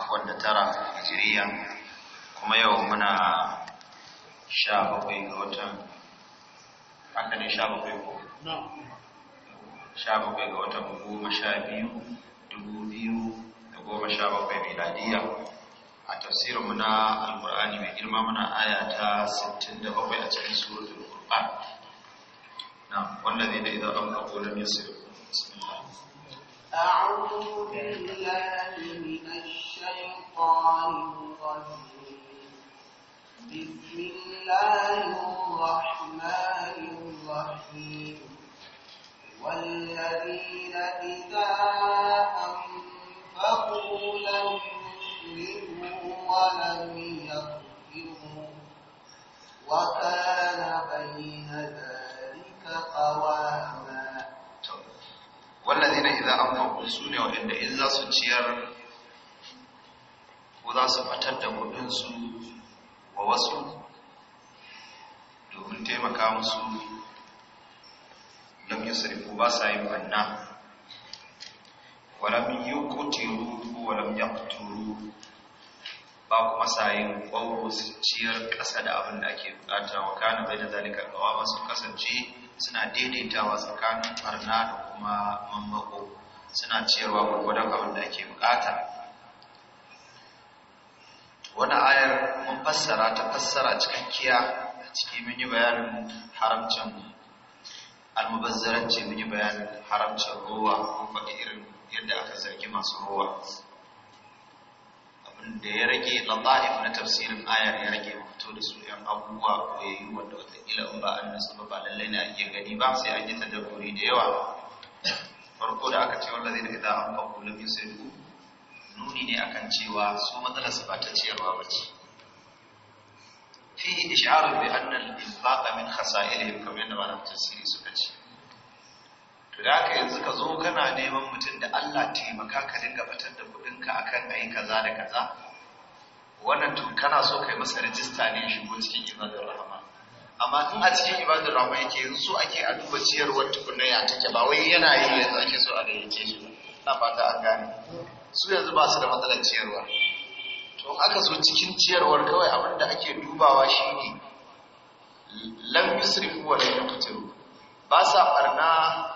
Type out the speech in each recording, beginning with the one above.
afwan da tara hijiriya kuma yau muna sha bakwai ga watan haka ne sha bakwai ko? sha bakwai ga watan goma sha biyu dubu biyu da goma sha bakwai miladiya a tafsirinmu na alkur'ani mai girma muna aya ta 67 a cikin suratul qur'an na wanda zai da idan an kawo yasir أعوذ بالله من الشيطان الرجيم بسم الله الرحمن الرحيم والذين إذا أنفقوا لم يسرفوا ولم يقتروا وكان idza su ne waɗanda in za su ciyar ko za su fatar da kuɗinsu wa wasu domin taimaka musu yi sarifu ba sa yi banna ko yuqtiru ya yaqturu ba kuma sa yi kwauro su ciyar ƙasa da abin da ake bukata wa kana bai da zalika kawa ba su kasance suna daidaitawa tsakanin farna da kuma mamako suna cewa gwargwadon abin da ake bukata wani ayar mun fassara ta fassara cikakkiya a ciki mun yi bayanin haramcin almubazzaranci mun yi bayanin haramcin ruwa mun faɗi irin yadda aka zargi masu ruwa da ya rage lala'if na tafsirin ayar ya rage fito da su yan abubuwa ko ya yi wanda wataƙila in ba an nasu ba lallai na iya gani ba sai an yi tadabburi da yawa farko da aka ce wallazi da idza anfaqu sai ku. nuni ne akan cewa su matsalarsa ba ta ciyarwa ba ce fiye da bi bai al-infaqa min khasa'ilihim kamar yadda mutum siri suka ce to da aka yanzu ka zo kana neman mutum da Allah taimaka ka dinga fitar da kudinka akan ayi kaza da kaza wannan to kana so kai masa rajista ne shigo cikin ibadar rahama amma in a cikin ibadar rama yake yanzu so ake a duba ciyarwar tukunna ya take ba wai yana yi yanzu ake so a yake shi na fata an gane su yanzu ba su da matsalar ciyarwa to aka so cikin ciyarwar kawai abin da ake dubawa shi ne, lam yusrifu wa lam fito. ba sa farna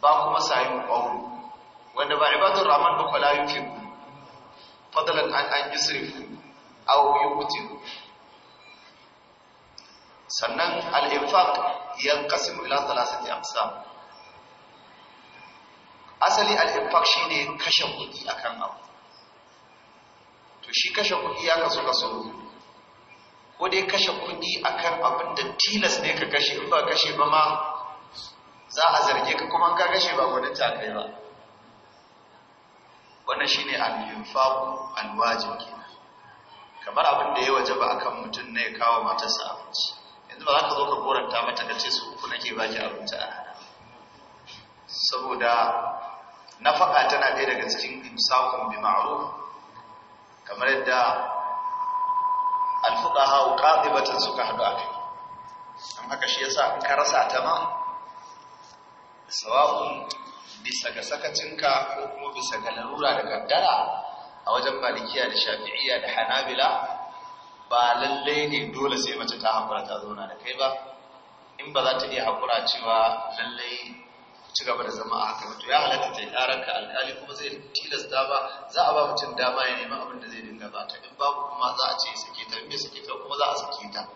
ba kuma sayin ƙwauro wanda ba ibadar rahman ba kwala yuke fadalan an an a wuyi yuqtiru sannan al-infaq yanqasimu ila thalathati amsa asali al shi ne kashe kuɗi akan abu to shi kashe kuɗi ya kasu kasu. ko dai kashe kuɗi akan abin da tilas ne ka kashe in ba kashe ba ma za a zarge ka kuma ka kashe ba gwanin ta kai ba wannan shine ne infaq alwajin kenan kamar abin da ya waje a akan mutum ne ya kawo matarsa abinci inda ba za ka zo ka koranta mata ka ce su uku nake ba ki abinci a hana saboda na faɗa tana ɗaya daga cikin imsakun bi ma'aru kamar yadda alfuqaha batun suka haɗu a kai an haka shi yasa in ka rasa ta ma sawa'un bisa ga sakacinka ko kuma bisa ga larura da kaddara a wajen malikiya da shafi'iyya da hanabila ba lallai ne dole sai mace ta haƙura ta zauna da kai ba in ba za ta iya haƙura cewa lallai ci gaba da zama a haka to ya halatta ta yi ƙararka alƙali kuma zai tilasta ba za a ba mutum dama ya nema abin da zai dinga ba ta in babu kuma za a ce sake ta in sake ta kuma za a sake ta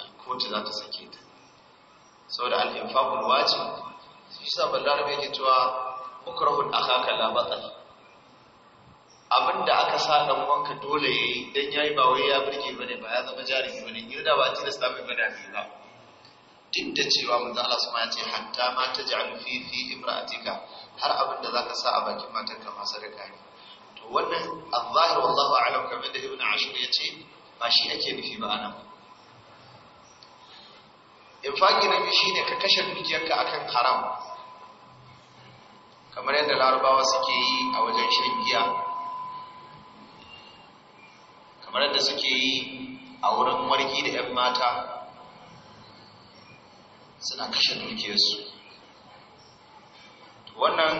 alkoci za ta sake ta saboda al'infaqul wajib shi sa ballar bai ke cewa ukrahul akhaka la Abin da aka sa dan wanka dole yayi dan yayi ba wai ya burge bane ba ya zama jarumi bane ni da ba ci da sami ba da ba duk da cewa manzo Allah ya ce hatta ma taj'alu fi fi imra'atika har abin da zaka sa a bakin ka ma sadaka ne to wannan al-zahir wallahu a'lam kamar da ibn ashur yace ba shi ake nufi ba anan infaki na biyu shine ka kashe dukiyarka akan haram kamar yadda larabawa suke yi a wajen shan giya kamar da suke yi a wurin marki da 'yan mata suna kashe su wannan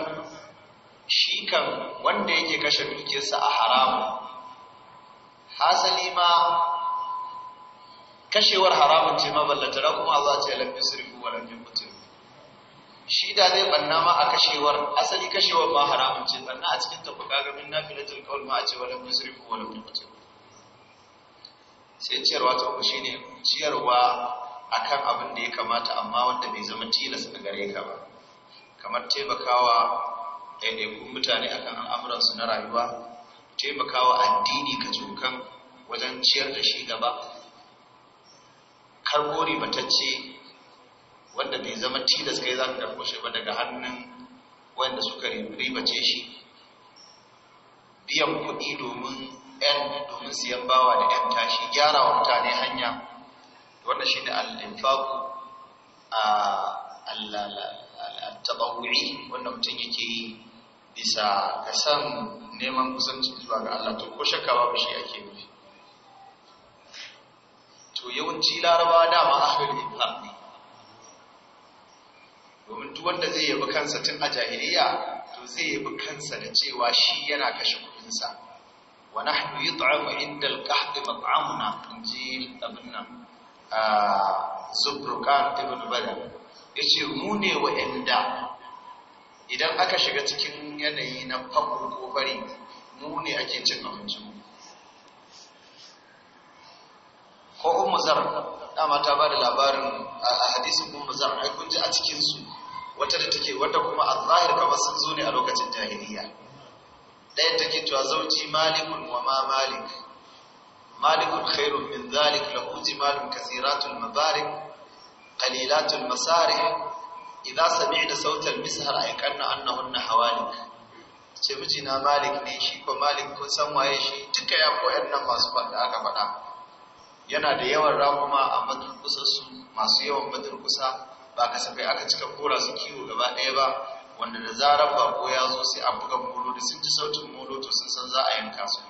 shi kan wanda yake kashe su a haramun hasali ma kashewar haramun ce maballatara kuma za a ce lafi sirfi wa lafi mutum shi da zai banna ma a kashewar asali kashewar ma haramun ce banna a cikin tabbaka gamin na filatul kawul ma a ce wa lafi sirfi wa lafi mutum sai ciyarwa ta uku shine ciyarwa akan abin da ya kamata amma wanda bai zama tilas a gare ka ba kamar taimakawa ɗaiɗaikun mutane akan al'amuransu na rayuwa taimakawa addini ka cokan wajen ciyar da shi gaba karɓo batacce wanda bai zama tilas kai za ka karɓo shi ba daga hannun wanda suka ribace shi biyan kuɗi domin 'yan domin siyan bawa da 'yan tashi gyara wa mutane hanya wanda shi ne al'infaku a tabawuri wanda mutum yake yi bisa ga san neman kusanci zuwa ga Allah to ko shakka babu shi ake yi to yawanci larabawa dama ahlul infaq ne domin duk wanda zai yabi kansa tun a jahiliya to zai yabi kansa da cewa shi yana kashe kudinsa ونحن يطعم عند inda مطعمنا انجيل ابن inji abin nan a zubrukan ibn badal mu ne idan aka shiga cikin yanayi na fako ko bari mu ne ake cin abincin ko ummu zar dama ta ba da labarin a hadisin ummu zar ai kun ji a cikin su wata da take wata kuma a zahir kamar sun zo ne a lokacin jahiliya ɗaya take cewa zauji malikun wa ma malik malikun khairun min zalik lahu malum kasiratul mabarik qalilatul masarih idza sami'na sautal mishar aykanna annahunna hawalik ce miji na malik ne shi ko malik kun san waye shi duka ya koyar nan masu faɗa aka fada yana da yawan rakuma a madurkusa su masu yawan madurkusa ba kasafai aka cika kora su kiwo gaba ɗaya ba wanda da zarar bako ya zo sai a buga molo da sun ji sautin molo to sun san za a yanka su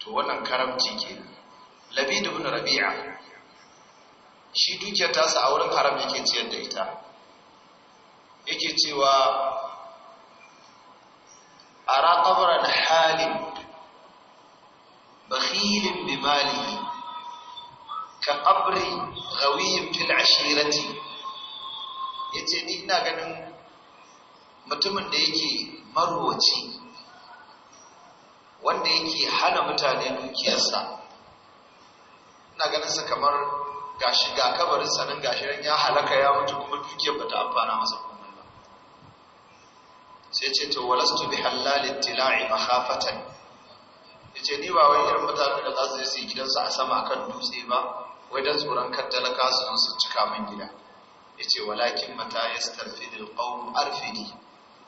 to wannan karamci ke labidu ibn rabi'a shi dukiyar tasa a wurin haram yake ciyar da ita yake cewa ara qabran halin bakhilin bi malihi ka qabri ghawiyin fil ashirati ya ce ni ina ganin mutumin da yake marwaci wanda yake hana mutane dukiyarsa ina ganinsa kamar gashi ga kabarin sanin gashirin ya halaka ya mutu kuma dukiyar bata amfana masa kuma ba sai ce to walastu bi halalin tila'i mahafatan yace ni ba wai irin mutane da za su yi gidansa a sama kan dutse ba wai don tsoron kan talaka su su cika min gida yace walakin mata yastafidul qawm arfidi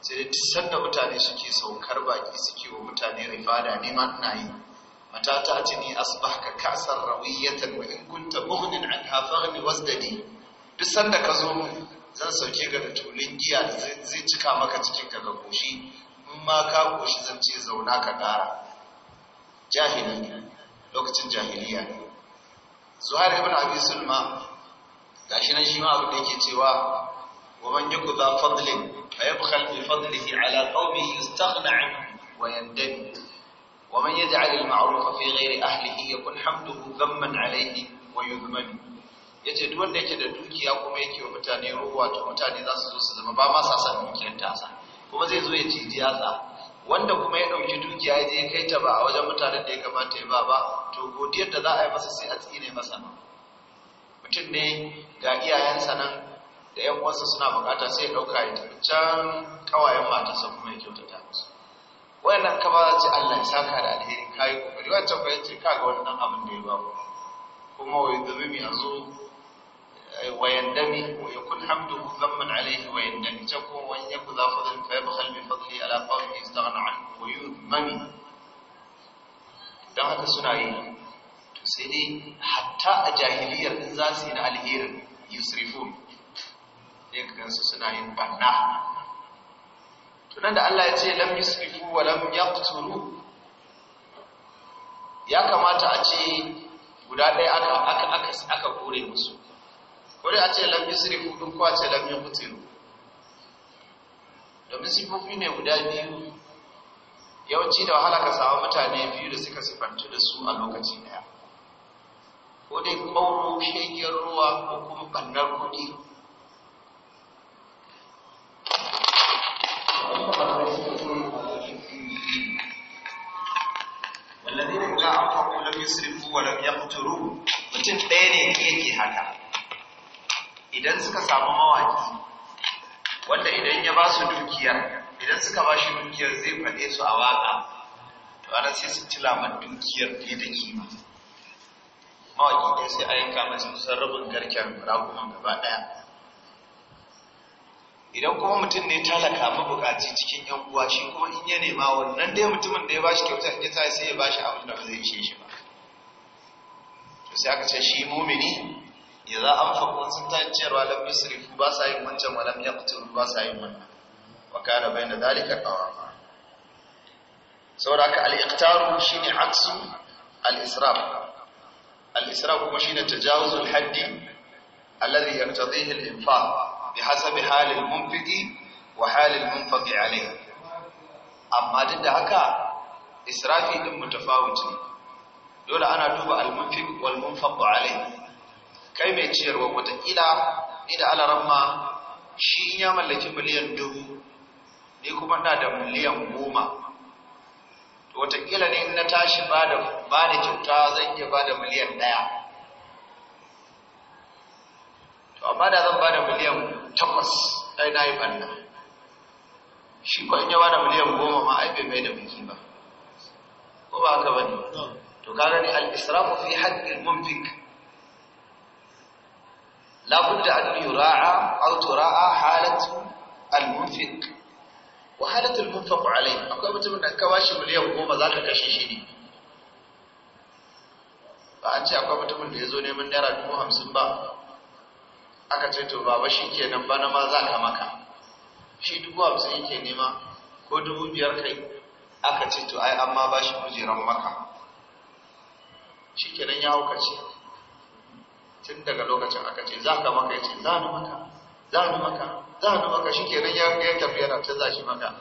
sai da sanda mutane suke saukar baki suke wa mutane rifada ne ma ina yi mata ta ni asbahka ka'san rawiyatan wa in kunta mughnin anha faghni wasdadi duk sanda ka zo zan sauke ga tulun giya zai cika maka cikin ka ga koshi in ma ka goshi zan ce zauna ka ƙara jahili lokacin jahiliya zuhair ibn abi sulma gashi nan shi ma abu da yake cewa wa man yaku za fadlin fa yabkhal bi fadlihi ala qaumihi istaghna anhu wa yandami wa man yaj'al al ma'ruf fi ghairi ahlihi yakun hamduhu dhamman alayhi wa yudhman yace duk wanda yake da dukiya kuma yake wa mutane ruwa to mutane za su zo su zama ba ma sa san dukiyar tasa kuma zai zo ya ci jiyasa wanda kuma ya dauki dukiya ya je kai ta ba a wajen mutanen da ya kamata ya ba ba to godiyar da za a yi masa sai a tsine masa mutum ne ga iyayensa nan da ‘yan uwansa suna bukata sai ɗauka ya tafi can ƙawayen sa kuma ya kyautata musu wayannan ka ba ce Allah ya saka da alheri yi kokari wancan ba yace ga wannan abin da ya ba kuma wai zubi yudhimi yanzu eh, wa yandami wa yakun hamduhu zamman alayhi wa yandami ta ko wan ku za zan fa yabkhal bi fadli ala qawmi istaghna anhu wa yudhimi dan haka suna yi sai dai hatta a jahiliyar din za su yi na alherin yusrifu ne ka gansu suna yin banna tunan da Allah ya ce lam yusrifu wa lam yaqtulu ya kamata a ce guda ɗaya aka aka aka aka kore musu kore a ce lam yusrifu duk ko a ce lam yaqtulu domin sifofi ne guda biyu yawanci da wahala ka samu mutane biyu da suka sifantu da su a lokaci daya ko dai ƙauro shegen ruwa ko kuma ɓannar kuɗi wallazi ne ga an faɗo lam yusrifu wa lam yaqturu mutum ɗaya ne ke yake haka idan suka samu mawaki wanda idan ya ba su dukiya idan suka ba shi dukiyar zai faɗe su a waƙa to ana sai su ci laman dukiyar fiye da kima mawaƙi ɗaya sai a yanka masa kusan rabin garken raƙuman gaba ɗaya idan kuma mutum ne talaka mabuƙaci cikin yan uwa shi kuma in ya nema wannan dai mutumin da ya bashi kyauta ya sai ya bashi abin da ba zai ishe shi ba to sai aka ce shi mumini ya za an faɗo sun ta cewa lam yusrifu ba sa yin wancan wa lam yaqtulu ba sa yin wannan wa kana bayna dalika qawama saboda al-iqtaru shine aksu al-israf al-isra kuma shine tajawuzul haddi alladhi yaqtadhihi al-infaq bihasabi halil munfiqi wa halil munfaqi alayhi amma duk da haka israfi din mutafawuti dole ana duba al-munfiq wal munfaq alayhi kai mai ciyarwa watakila ni da alaramma shi ya mallaki miliyan dubu ni kuma na da miliyan goma wataƙila ne in na tashi ba da kyauta zan iya ba da miliyan ɗaya to amma da zan ba da miliyan takwas ɗai na yi banna. shi ko in yi ba da miliyan goma ma ai bai mai da biki ba ko ba haka ba ne to ka gani al-israfu fi haƙƙin mumfik labudda an yura'a aw tura'a halatu al-munfiq wa halatul munfaq alai akwai mutumin da ka bashi miliyan goma za ka kashe shi ne ba an ce akwai mutumin da ya zo neman naira dubu hamsin ba aka ce to baba shi kenan bana ma za ka maka shi dubu hamsin yake nema ko dubu biyar kai aka ce to ai amma ba shi kujeran maka shi ya ya ce. tun daga lokacin aka ce za ka maka ya ce za ni maka za ni maka za a maka shi kenan ya ya tafi yana ta zashi maka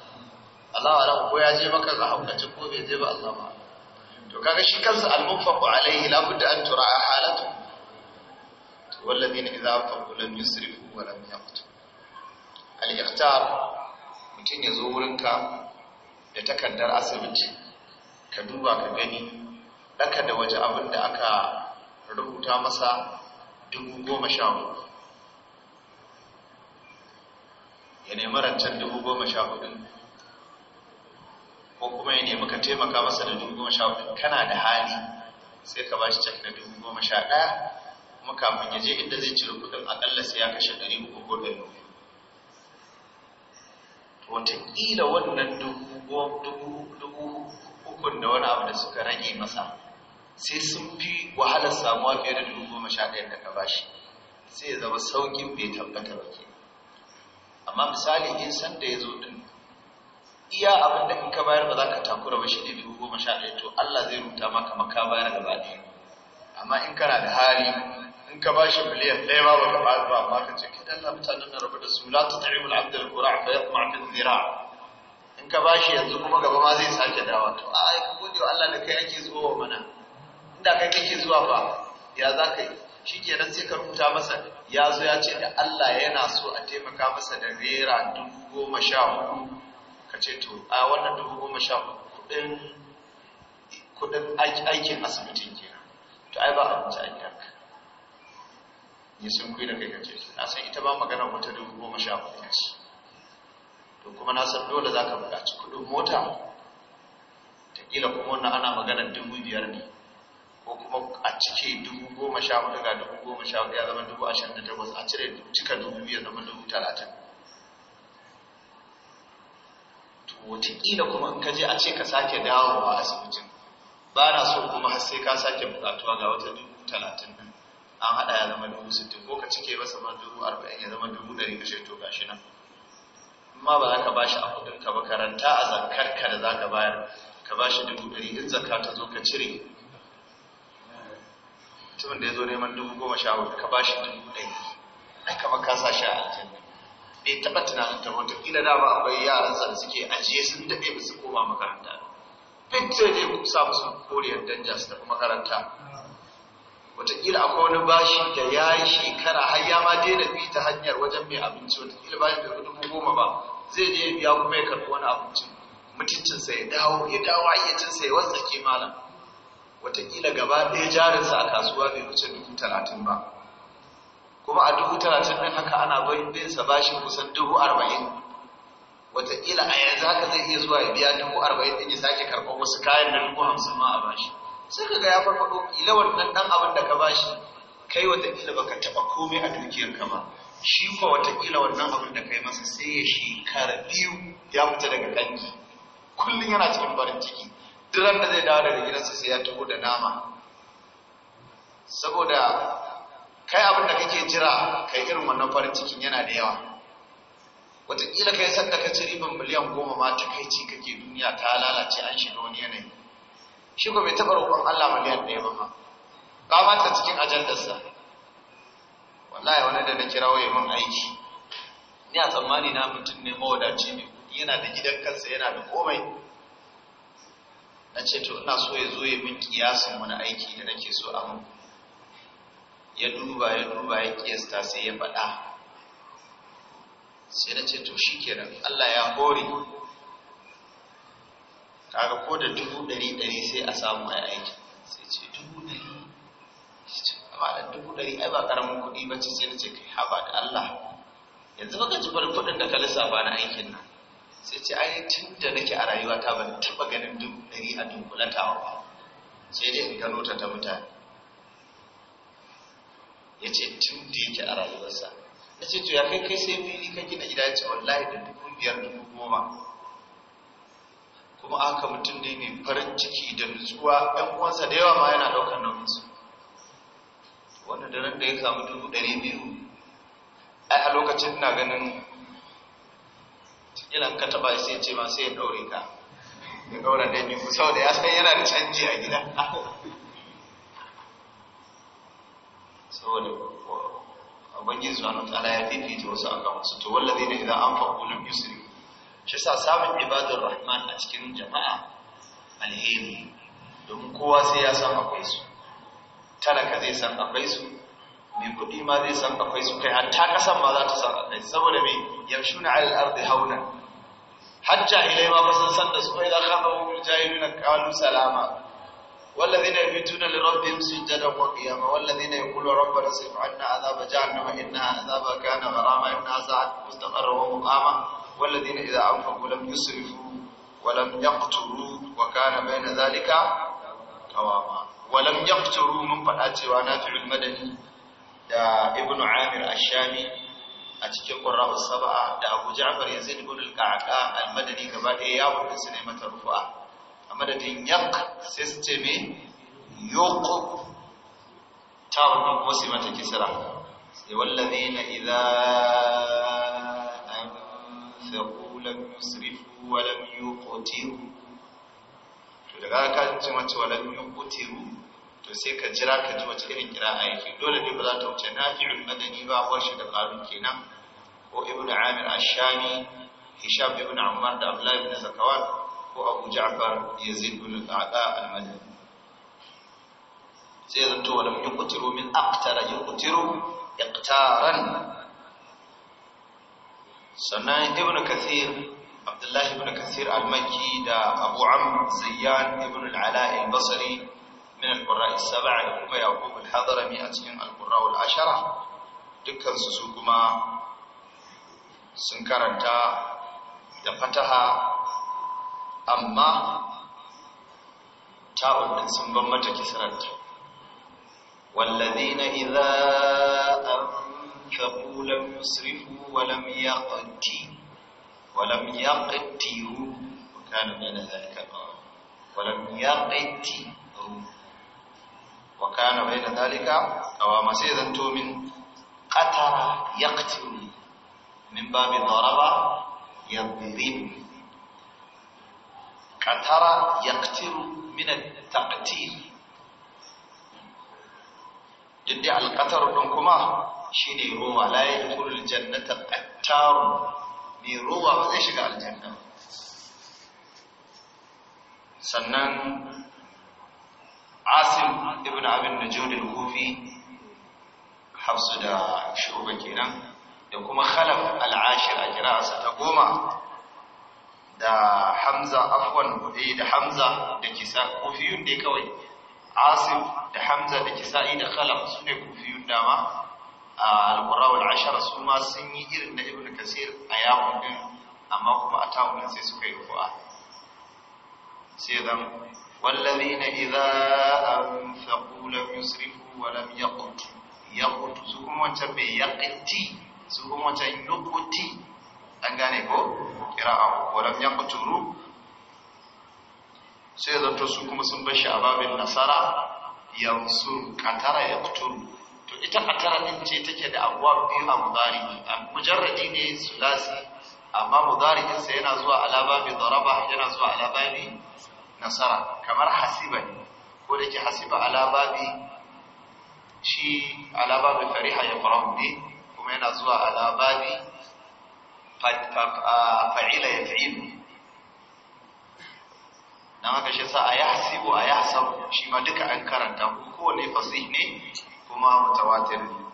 Allah ala ko ya je maka za a haukacin ko bai je ba Allah ba to kaga shi kansa al-munfaqu alaihi la budda an tura a halatu والذين إذا أنفقوا لم يسرفوا ولم يقتروا al-iqtar mutum ya zo wurinka da takardar asibiti ka duba ka gani daka da waje abin da aka rubuta masa dubu goma sha hudu ya nemi rancen dubu goma sha hudu ko kuma ya nemi ka taimaka masa da dubu goma sha hudu kana da hali sai ka ba shi cek da dubu goma sha ɗaya kuma kafin ya je inda zai ciro kudin akalla sai ya kashe ɗari uku ko dari uku wataƙila wannan dubu ukun da wani abu da suka rage masa sai sun fi wahalar samuwa fiye da dubu goma sha ɗaya da ka ba shi sai ya zama sauƙin bai tabbata ba ke amma misali in san da ya zo din iya abin da in ka bayar ba za ka takura ba shi ne dubu goma sha ɗaya to Allah zai rubuta maka maka bayar gaba ɗaya amma in kana da hali in ka bashi miliyan ɗaya ba ba ka ba amma ka ce ki Allah mutanen na rabu da su la ta ta'imu al'abda al-qura fa yatma fi zira in ka bashi yanzu kuma gaba ma zai sake dawa to a ai ku gode wa Allah da kai ake zuwa mana inda kai kake zuwa ba ya za ka yi shi kenan sai ka rubuta masa ya zo ya ce da Allah yana so a taimaka masa da naira dubu goma sha hudu ka ce to a wannan dubu goma sha hudu kudin aikin asibitin kenan to ai ba abinci a ka ne sun kuyi da kai ka ce na san ita ba magana wata dubu goma sha hudu ce to kuma na san dole za ka buƙaci kudin mota ta kila kuma wannan ana maganar dubu biyar ne ko kuma a cike dubu goma sha hudu ga dubu goma sha hudu ya zama dubu ashirin da takwas a cire cika dubu ya zama dubu talatin to wataƙila kuma in ka je a ce ka sake dawowa asibitin ba na so kuma har sai ka sake buƙatuwa ga wata dubu talatin nan an haɗa ya zama dubu sittin ko ka cike masa ma dubu arba'in ya zama dubu ɗari ka to gashi nan amma ba za ka bashi a kuɗin ka ba karanta a zankar ka da za ka bayar ka bashi dubu ɗari in zakka ta zo ka cire mutumin da ya zo neman dubu goma sha hudu ka bashi dubu ɗaya, ai kamar ka sa shi a aljanna bai taɓa tunanin ta wata kila da ba akwai yaransa da suke ajiye sun daɗe ba su koma makaranta fitta ne ku sa musu koriyar danja su tafi makaranta wataƙila akwai wani bashi da ya yi shekara har ya ma daina bi ta hanyar wajen mai abinci wataƙila bashi da dubu goma ba zai je biya kuma ya karɓi wani abincin mutuncinsa ya dawo ya dawo ayyacinsa ya wasa ke malam watakila gaba ɗaya jarinsa a kasuwa bai wuce dubu talatin ba kuma a dubu talatin ɗin haka ana bin sa bashin kusan dubu arba'in watakila a yanzu haka zai iya zuwa ya biya dubu arba'in ɗin ya sake karɓar wasu kayan nan dubu hamsin ma a bashi sai ka ga ya farfaɗo ila wannan ɗan abin da ka bashi kai watakila baka taɓa komai a dukiyarka ba shi kuwa watakila wannan abin da kai masa sai ya shekara biyu ya fita daga kanki kullum yana cikin farin ciki duran da zai dawo daga gidansa sai ya taho da nama saboda kai abin da kake jira kai irin wannan farin cikin yana da yawa wataƙila kai san da ka ci riban miliyan goma ma ta kai ci kake duniya ta lalace an shiga wani yanayi shi ko bai taɓa roƙon Allah miliyan ɗaya ba ma ba ma ta cikin ajandarsa wallahi wani da na kira waye mun aiki ni a tsammani na mutum ne mawadaci ne yana da gidan kansa yana da komai na ce to ina so ya zo ya min kiyasin wani aiki da nake so a mun ya duba ya duba ya kiyasta sai ya faɗa sai na ce to shi kenan Allah ya hore kaga ko da dubu ɗari ɗari sai a samu a aiki sai ce dubu ɗari amma da dubu ɗari ai ba ƙaramin kuɗi ba ce sai na ce kai haba da Allah yanzu baka ji bar kuɗin da ka lissafa na aikin nan sai ce ai tun da nake a rayuwa ta ban taɓa ganin dubu ɗari a dunkulatawa ba sai da in gano ta ta mutane ya ce tun da yake a rayuwarsa ya ce to ya kai kai sai fili ka gina gida ya ce wallahi da dubu biyar dubu goma kuma aka mutum ne mai farin ciki da nutsuwa ɗan uwansa da yawa ma yana ɗaukar nauyinsu wanda da ran da ya samu dubu ɗari biyu ai a lokacin na ganin ilan ka taɓa sai ce ma sai ya ɗaure ka ya ɗaura ɗan yi da ya san yana da canji a gida saboda ubangiji zuwa nuka ala ya fifita wasu a kan wasu to wallazi ne idan an faɗo nan yusri shi sa samun ibadar rahman a cikin jama'a alheri domin kowa sai ya san akwai su talaka zai san akwai su mai kuɗi ma zai san akwai su kai hatta ƙasan ma za ta san akwai su. saboda mai yamshuna alal ardi hauna hajja ilai ma basan san da su ai da ka hawo mujahid na kalu salama walladhina yabituna li rabbihim sujada wa qiyama walladhina yaquluna rabbana sif anna adhab jahannama inna adhaba kana gharama inna sa'at mustaqarra wa muqama walladhina idha anfaqu lam yusrifu wa lam yaqturu wa kana bayna dhalika qawama wa lam yaqturu mun fada cewa nafi'ul madani da ibnu amir ash-shami a cikin qurra'u saba'a da Abu Ja'far Yazid ibn al-Qa'qa al-Madani gaba ɗaya ya wuce su ne mata rufu'a a madadin yak sai su ce mai yoko ta mata kuma sai mata kisra sai wallazina an anfaqu lam yusrifu wa lam yuqtiru to daga ka ce mace wa lam yuqtiru to sai ka jira ka ji wace irin a yake dole ne ba za ta wuce na irin madani ba a shi da qarun kenan وابن عامر الشامي هشام بن عمار عبد الله بن زكوان وابو جعفر يزيد بن الاعداء المدني سيدنت ولم يقتلوا من اقتل يقتلوا اقتارا سنة ابن كثير عبد الله بن كثير المكي دا ابو عم زيان ابن العلاء البصري من القراء السبع ابو يعقوب الحضرمي اسكن القراء العشره دكان سوكما sun karanta da fataha amma ta'ud din sun ban mata kisranta wallazina idza anfaqu lam yusrifu wa lam yaqti wa lam yaqtiru wa kana min dhalika wa lam yaqti wa kana bayna dhalika qawama sai zanto min qatara yaqtiru باب ضرب يضرب كثر يقتر من التقتيل جدي على القتر منكما شيني روما لا يدخل الجنة قتار من روما ايش قال الجنة سنن عاصم ابن عبد النجود الكوفي حفصه دا شعوبة كينا da kuma khalaf al'ashir a kira'arsa ta goma da hamza afwan buɗe da hamza da kisa kufiyun ne kawai asif da hamza da kisa'i da khalaf su ne kufiyun dama a alƙurawar ashara su ma sun yi irin na ibn kasir a yawon din amma kuma a tawunin sai suka yi kuwa sai zan wallazi na iza an faƙula yusrifu walam yaƙutu yaƙutu su kuma wancan mai yaƙinti suru kuma yi lokoti an gane ko a walam ya kuturu sai zato su kuma sun bashi a babin nasara yanzu katara ya kuturu to ita katara din ce take da abuwa biyu a mudari a mujarradi ne su lasi amma mudari din sai yana zuwa alababi zaraba yana zuwa alababi nasara kamar hasiba ne ko da ke hasiba alababi shi alababi fariha ya farahu ne kuma yana zuwa a labari fa'ila ya fa'ilu na haka shi sa a ya hasibu a ya hasabu shi ma duka an karanta kowane fasih ne kuma mutawatir ne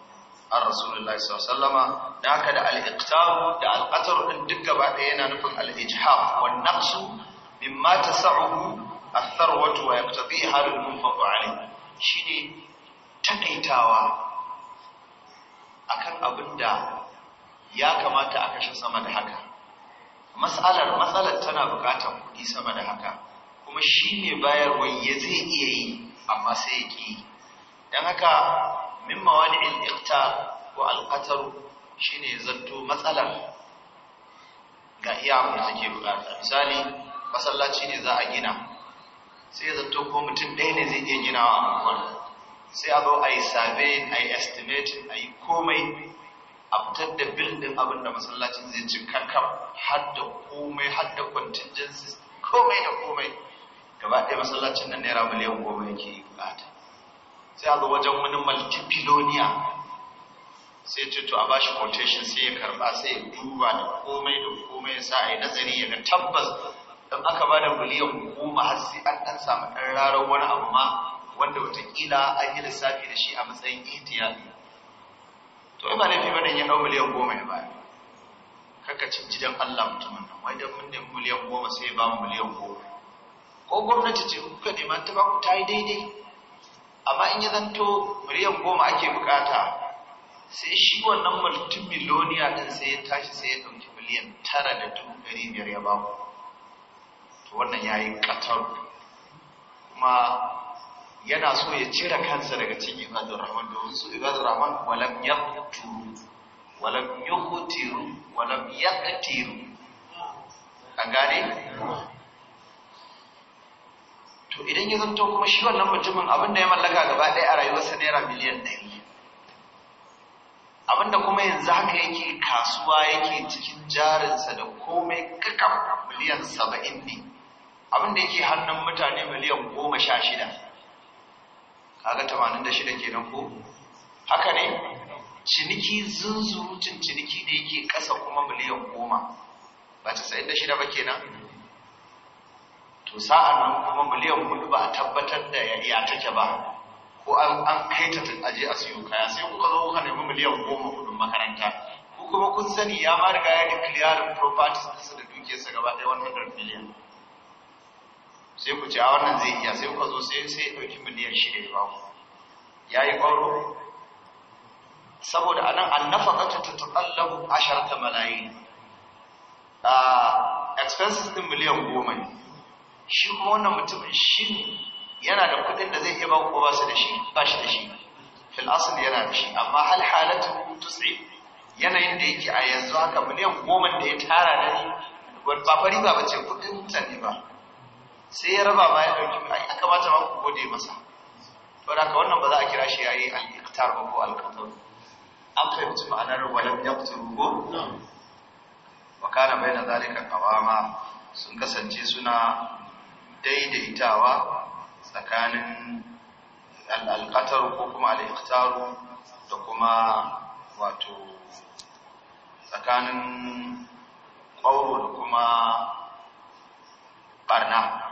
an rasulullahi sallama Na haka da al'iktaru da al'atar ɗin duk gaba ɗaya yana nufin al'ijhaf wa naqsu mimma tasa'uhu atharwatu mun yaqtadi halul munfaqu alayhi ta takaitawa akan abin da ya kamata a kashe sama da haka matsalar matsalar tana bukatar kuɗi sama da haka kuma shi ne bayarwar ya zai iya yi amma sai ya ƙi don haka min mawani'in ilikta ko alkatar shi ne zanto matsalar ga iya abin da bukata misali masallaci ne za a gina sai zato ko mutum ɗaya ne zai iya ginawa a sai a zo a yi surveying a yi estimate a yi komai a fitar da bildin abin da masallacin zai ci kankan har da komai har da komai da komai gaba ɗaya masallacin nan naira miliyan goma yake bukata sai a zo wajen wani multipiloniya sai ce to a bashi quotation sai ya karba sai ya duba da komai da komai ya sa a yi nazari ya ga tabbas don aka ba da miliyan goma har sai an ɗan samu ɗan rarar wani abu ma wanda watakila an yi lissafi da shi a matsayin itiya to ba laifi bane ya dau miliyan goma ya bayar kaka cin gidan Allah mutumin nan wai dan mun miliyan goma sai ba mu miliyan goma ko gwamnati ce kuka nema ta ba ku ta yi daidai amma in ya zanto miliyan goma ake bukata sai shi wannan multimiloniya din sai ya tashi sai ya ɗauki miliyan tara da dubu ɗari biyar ya ba ku to wannan ya yi ƙatar kuma yana so ya cire kansa daga cikin ibadar rahman domin su ibadar rahman walam turu walam yuqtiru walam yaqtiru an gane to idan ya zanto kuma shi wannan mutumin abin da ya mallaka gaba ɗaya a rayuwarsa naira miliyan ɗari abinda kuma yanzu haka yake kasuwa yake cikin jarinsa da komai kakam miliyan saba'in ne abinda yake hannun mutane miliyan goma sha shida kaga 86 kenan ko haka ne ciniki zunzurutun ciniki da yake ƙasa kuma miliyan goma ba shida ba kenan to sa'an nan kuma miliyan hudu ba a tabbatar da ya take ba ko an kai ta aje a siyo kaya sai kuka zo kuka nemi miliyan goma kudin makaranta ko kuma kun sani ya ma riga ya declaring properties su da dukiyarsa gaba ɗaya 100 miliyan sai ku ce a wannan zai iya sai kuka zo sai sai ɗauki miliyan shida ya baku ya yi ƙwaro saboda anan annafaqatu tutallabu asharata malayi. A expenses ɗin miliyan goma ne shi kuma wannan mutumin shi yana da kuɗin da zai iya baku ko ba su da shi ba shi da shi fil asl yana da shi amma hal halatu tus'i yanayin da yake a yanzu haka miliyan goma da ya tara da ni ba fari ba ce kuɗin sa ne ba sai ya raba ma ya dauki ai aka mata ba ku gode masa to da wannan ba za a kira shi yayi al-iqtar ba ko al-qatl an fahimci ma'anar walam yaqtulu ko wa kana bayna zalika qawama sun kasance suna daidaitawa tsakanin al-qatl ko kuma al-iqtar da kuma wato tsakanin ƙauro da kuma barna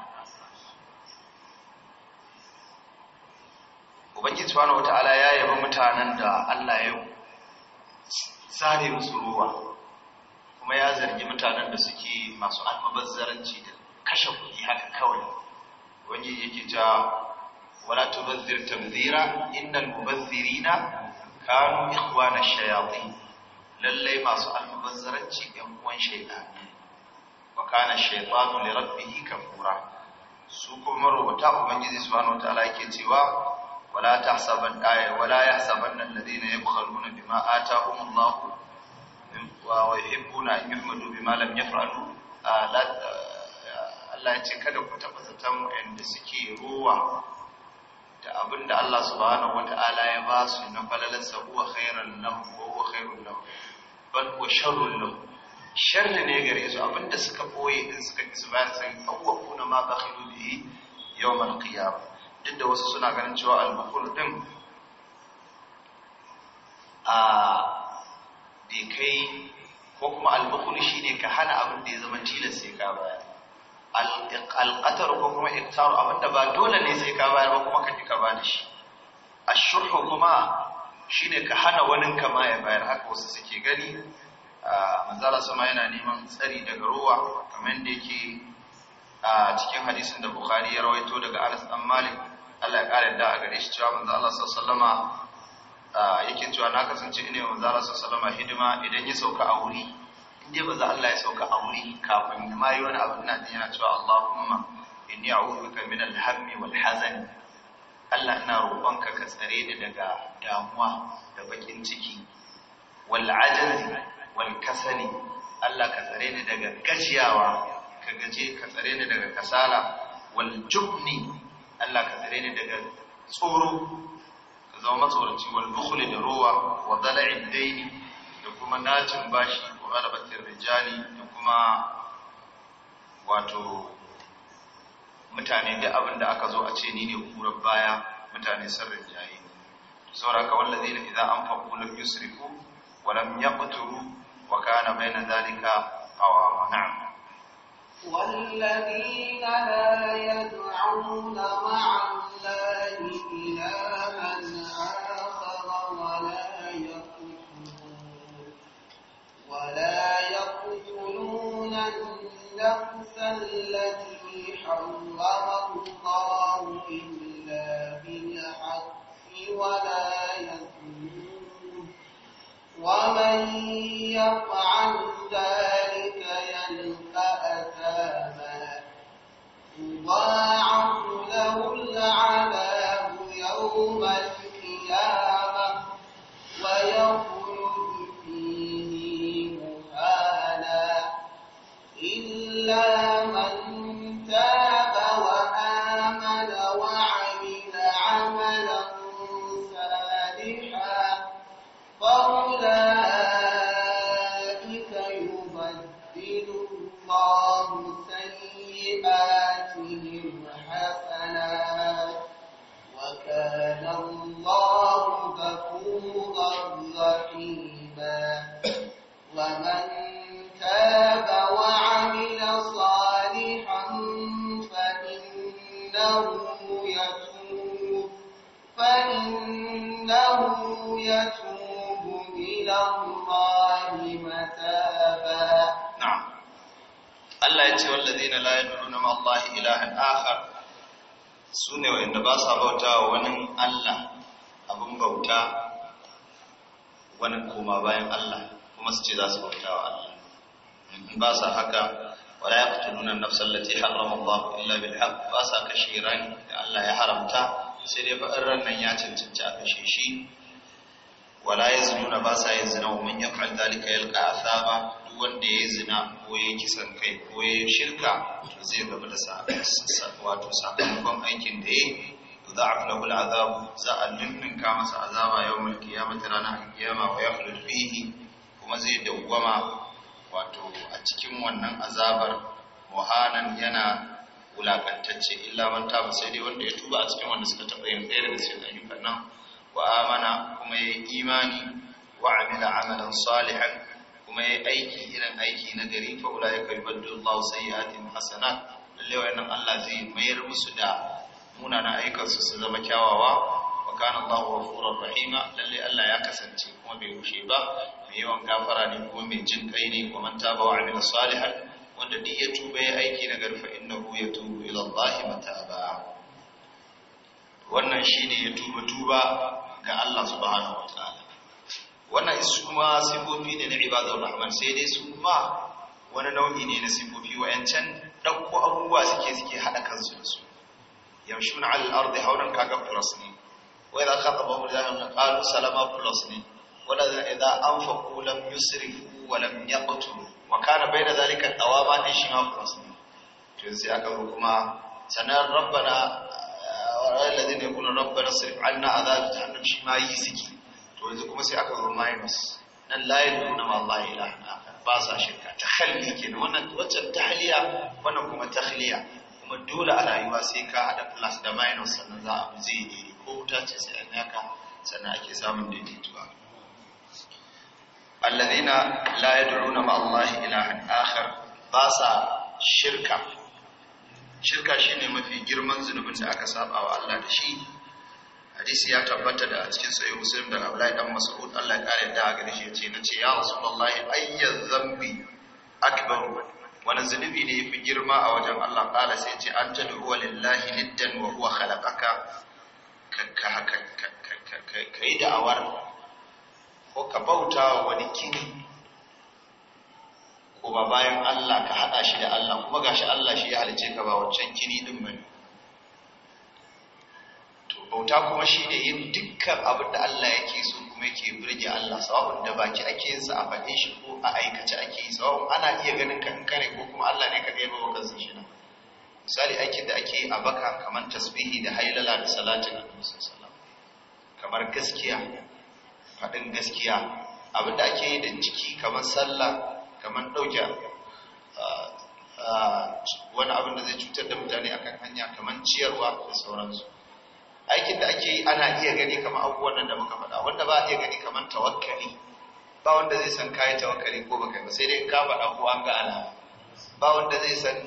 ubangiji subhanahu wataala ya yabi mutanen da Allah ya zare musu ruwa kuma ya zargi mutanen da suke masu almabazzaranci da kashe kuɗi haka kawai wani yake ta wala tubazzir tamzira innal mubazzirina kanu ikhwana shayatin lallai masu almabazzaranci ɗan uwan shaitani wa kana shaytanu li rabbih kafura su kuma rubuta ubangiji subhanahu wataala yake cewa ولا تحسبن آية ولا يحسبن الذين يبخلون بما آتاهم الله ويحبون أن يحمدوا بما لم يفعلوا Allah ya ce kada ku taɓa zaton waɗanda suke ruwa da abin da Allah subhanahu wata'ala ya ba su na falalarsa huwa khairan lahu ko huwa khairun lahu bal huwa sharrun lahu sharri ne gare su abin da suka boye din suka ki su bayan sai awwa kuna ma bakhilu bihi yawmal qiyamah inda wasu suna ganin cewa albukul din a bai kai ko kuma albukul shi ne ka hana abin da ya zama tilas sai ka bayar alƙatar ko kuma iktaru abin da ba dole ne sai ka bayar ba kuma ka ka ba da shi ashurhu kuma shi ne ka hana wani ma ya bayar haka wasu suke gani manzala sama yana neman tsari daga ruwa kamar da yake a cikin hadisin da bukhari ya rawaito daga anas dan malik Allah ya kare da a gare shi cewa manzo Allah sallallahu alaihi yake cewa na kasance ina yau manzo Allah sallallahu hidima idan ya sauka a wuri inda manzo Allah ya sauka a wuri kafin ya yi wani abu ina jin cewa Allahumma inni a'udhu bika min al-hammi wal hazan Allah ina roƙonka ka tsare ni daga damuwa da bakin ciki wal ajazi wal kasali Allah ka tsare ni daga gajiyawa ka gaje ka tsare ni daga kasala wal jubni Allah ka tsare ni daga tsoro ka zama matsoranci wal bukhli da rowa wa dala'id daini da kuma nacin bashi wa ghalabatir rijali da kuma wato mutane da abin da aka zo a ce ni ne kurar baya mutane ka wallazi sauraka idan an faɓo na yusrifu wa lam yaqturu wa kana bayna a qawama na'am والذين لا يدعون مع الله إلها آخر ولا يقتلون ولا يقتلون النفس التي حرم الله إلا بالحق ولا يزنون ومن يفعل ذلك ba sa bauta wa wani Allah abin bauta wani koma bayan Allah kuma su ce za su bauta wa Allah in ba sa haka wala yaqtuluna nuna nafsar lati haram Allah illa bil haq ba sa kashe ran da Allah ya haramta sai dai ba'in ran nan ya cancanci a kashe shi wala yaznuna ba sa yin zina mun yaf'al dalika yalqa ba, duk wanda yayi zina ko ya yi kisan kai ko ya yi shirka to zai gaba da sa wato sakamakon aikin da ya yi. yudha'af lahu al'azab za a ninninka masa azaba yawmul qiyamati ranar kiyama wa yakhlud fihi kuma zai dawwama wato a cikin wannan azabar muhanan yana wulakantacce illa man taba sai dai wanda ya tuba a cikin wanda suka taɓa yin ɗaya daga cikin ayyukan nan wa amana kuma ya yi imani wa amila amalan salihan kuma ya aiki irin aiki na gari fa ya kai baddu Allah sayyi'atin hasanat lalle wayannan Allah zai mayar musu da munana aikansu su zama kyawawa wa kana Allahu ghafurur rahima lalle Allah ya kasance kuma bai rushe ba mai yawan gafara ne kuma mai jin kai ne kuma taba wa amila salihan wanda duk ya tuba ya aiki na garfa innahu yatubu ila Allah mataba wannan shi ne ya tuba tuba ga Allah subhanahu wataala wannan isu ma sifofi ne na ibadur rahman sai dai su ma wani nau'i ne na sifofi wa'ancan ɗauko abubuwa suke suke haɗa kansu da su yamshuna ala al-ardi hawlan kaga plus ne wa idza khatabahum al-jahilun qalu salama plus ne wa idza anfaqu lam yusrifu wa lam yaqturu wa kana bayna zalika dawama din shi ma plus ne to sai aka zo kuma sanar rabbana alladhina yaquluna rabbana sirif anna adhab jahannam shi ma yi siki to yanzu kuma sai aka zo nan shirka wannan kuma kuma dole a rayuwa sai ka haɗa plus da minus sannan za a zai daidai ko wuta ce sai an yaka sannan ake samun daidaituwa alladhina la yad'una ma Allah ilahan akhar ba sa shirka shirka ne mafi girman zunubin da aka saba wa Allah da shi hadisi ya tabbata da a cikin sayo muslim da Abdullahi dan Mas'ud Allah ya kare da gare shi yace nace ya Rasulullah ayyan zambi akbar wani zunubi ne fi girma a wajen Allah ƙala sai ce an ta duwa lillahi niddan wa huwa khalaqaka ka yi da'awar ko ka bauta wa wani kini ko ba bayan Allah ka haɗa shi da Allah kuma gashi Allah shi ya halice ka ba wancan kini ɗin mai to bauta kuma shi ne yin dukkan abin da Allah yake so kuma yake burge Allah sawa'un da baki ake yin sa a faɗe shi ko a aikace ake yi sawa'un ana iya ganin kan kare ko kuma Allah ne ka kaɗai ba wakansa shi na misali aikin da ake yi a baka kamar tasbihi da hailala da salatin musu sallallahu kamar gaskiya faɗin gaskiya abin da ake yi da ciki kamar sallah kamar ɗauke ah, ah, wani abin da zai cutar da mutane akan hanya kamar ciyarwa da sauransu aikin da ake yi ana iya gani kamar abubuwan nan da muka faɗa wanda ba a iya gani kamar tawakkali ba wanda zai san kayi tawakkali ko baka ba sai dai ka faɗa ko an ga alama ba wanda zai san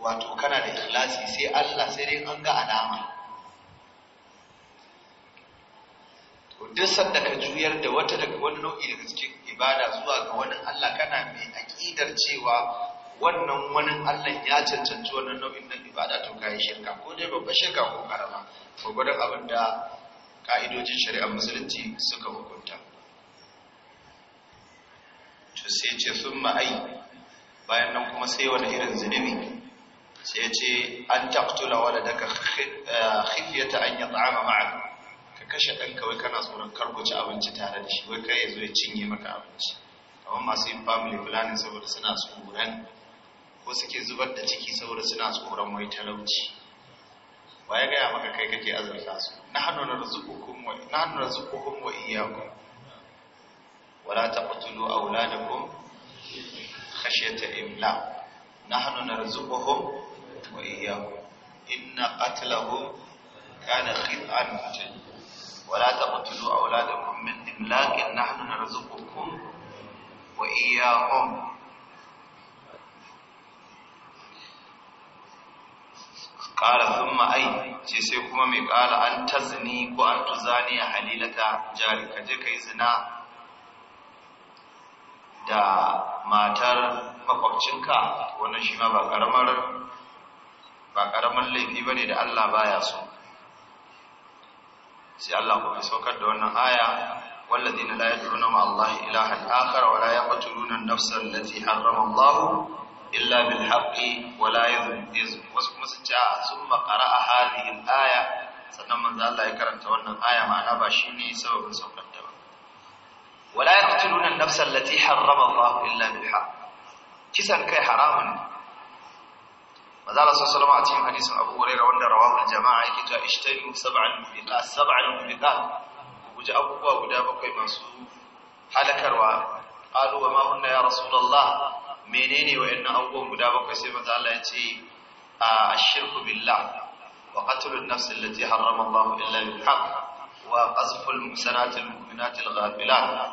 wato kana da ikhlasi sai Allah sai dai an ga alama to duk sanda ka juyar da wata daga wani nau'i daga cikin ibada zuwa ga wani Allah kana mai aqidar cewa wannan wani Allah ya cancanci wannan nau'in na ibada to kai shirka ko dai babba shirka ko karama gwagwadon abin da ƙa'idojin shari'ar musulunci suka hukunta to sai ce sun ma'ai bayan nan kuma sai wani irin zunubi sai ce an taktula wadda daga khifiyata eh, an yi tsama ma'a ka kashe ɗan kawai kana tsoron karkuci abinci tare da shi wai kai ya cinye maka abinci kamar masu yin family planning saboda suna tsoron ko suke zubar da ciki saboda suna tsoron wai talauci wa ya gaya maka kai kake azurta su nahnu narzuqukum wa nahnu narzuqukum wa iyyakum wala taqtulu auladakum khashyata imla nahnu narzuquhum wa iyyakum inna qatlahum kana khit'an ولا تقتلوا أولادكم من إملاق نحن wa iyakun. ƙara sun ma'ai ce sai kuma mai ƙara an tazni ko an tuzani a halilata jari ka je ka yi zina da matar makwabcinka wannan shi ma ba ƙaramar ƙaramin laifi ba ne da Allah baya so sai Allah kuma saukar da wannan aya walladina la yad'una ma Allah ilaha al-akhar wa la yaqtuluna an-nafsa allati harrama illa bil haqqi wa la yazun wasu kuma su ce a summa qara'a a al aya sannan manzo Allah ya karanta wannan aya ma'ana ba shine sababin saukar da ba wala yaqtuluna an-nafsa allati harrama Allah illa bil haqq kisan kai haramun ne manzo Allah sallallahu alaihi a cikin hadisin Abu Hurairah wanda rawahu al-jama'a yake cewa ishtari sab'an mubiqat sab'an mubiqat guji abubuwa guda bakwai masu halakarwa qalu wa ma hunna ya rasulullah menene wayannan abubuwan guda bakwai sai manzo Allah ya ce a ashirku billah wa qatlun nafs allati harrama Allah illa bil haqq wa qazful musanat al mu'minat al ghafilat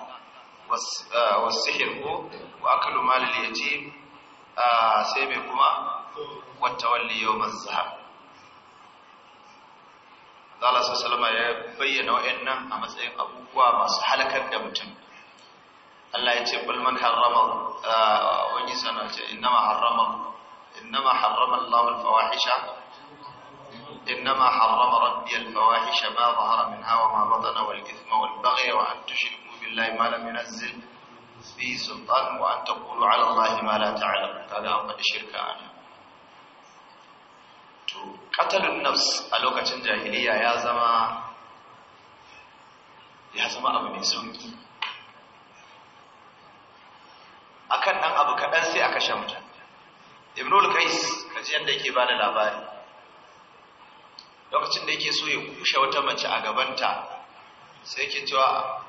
was sihr wa aklu mal al yatim sai me kuma wa tawalli yawm az zahab Allah sallallahu alaihi wasallam ya bayyana wayannan a matsayin abubuwa masu halakar da mutum الله يجيب من حرم آه، وجيس إنما حرم إنما حرم الله الفواحش إنما حرم ربي الفواحش ما ظهر منها وما بطن والإثم والبغي وأن تشركوا بالله ما لم ينزل في سلطان وأن تقولوا على الله ما لا تعلم هذا أقل شركا أنا قتل النفس ألوكة جاهلية يا زما يا زما أبو akan ɗan abu kaɗan sai a kashe mutum ibnul ka kaji yadda yake bada labari lokacin da yake so ya kushe wata mace a gabanta sai yake cewa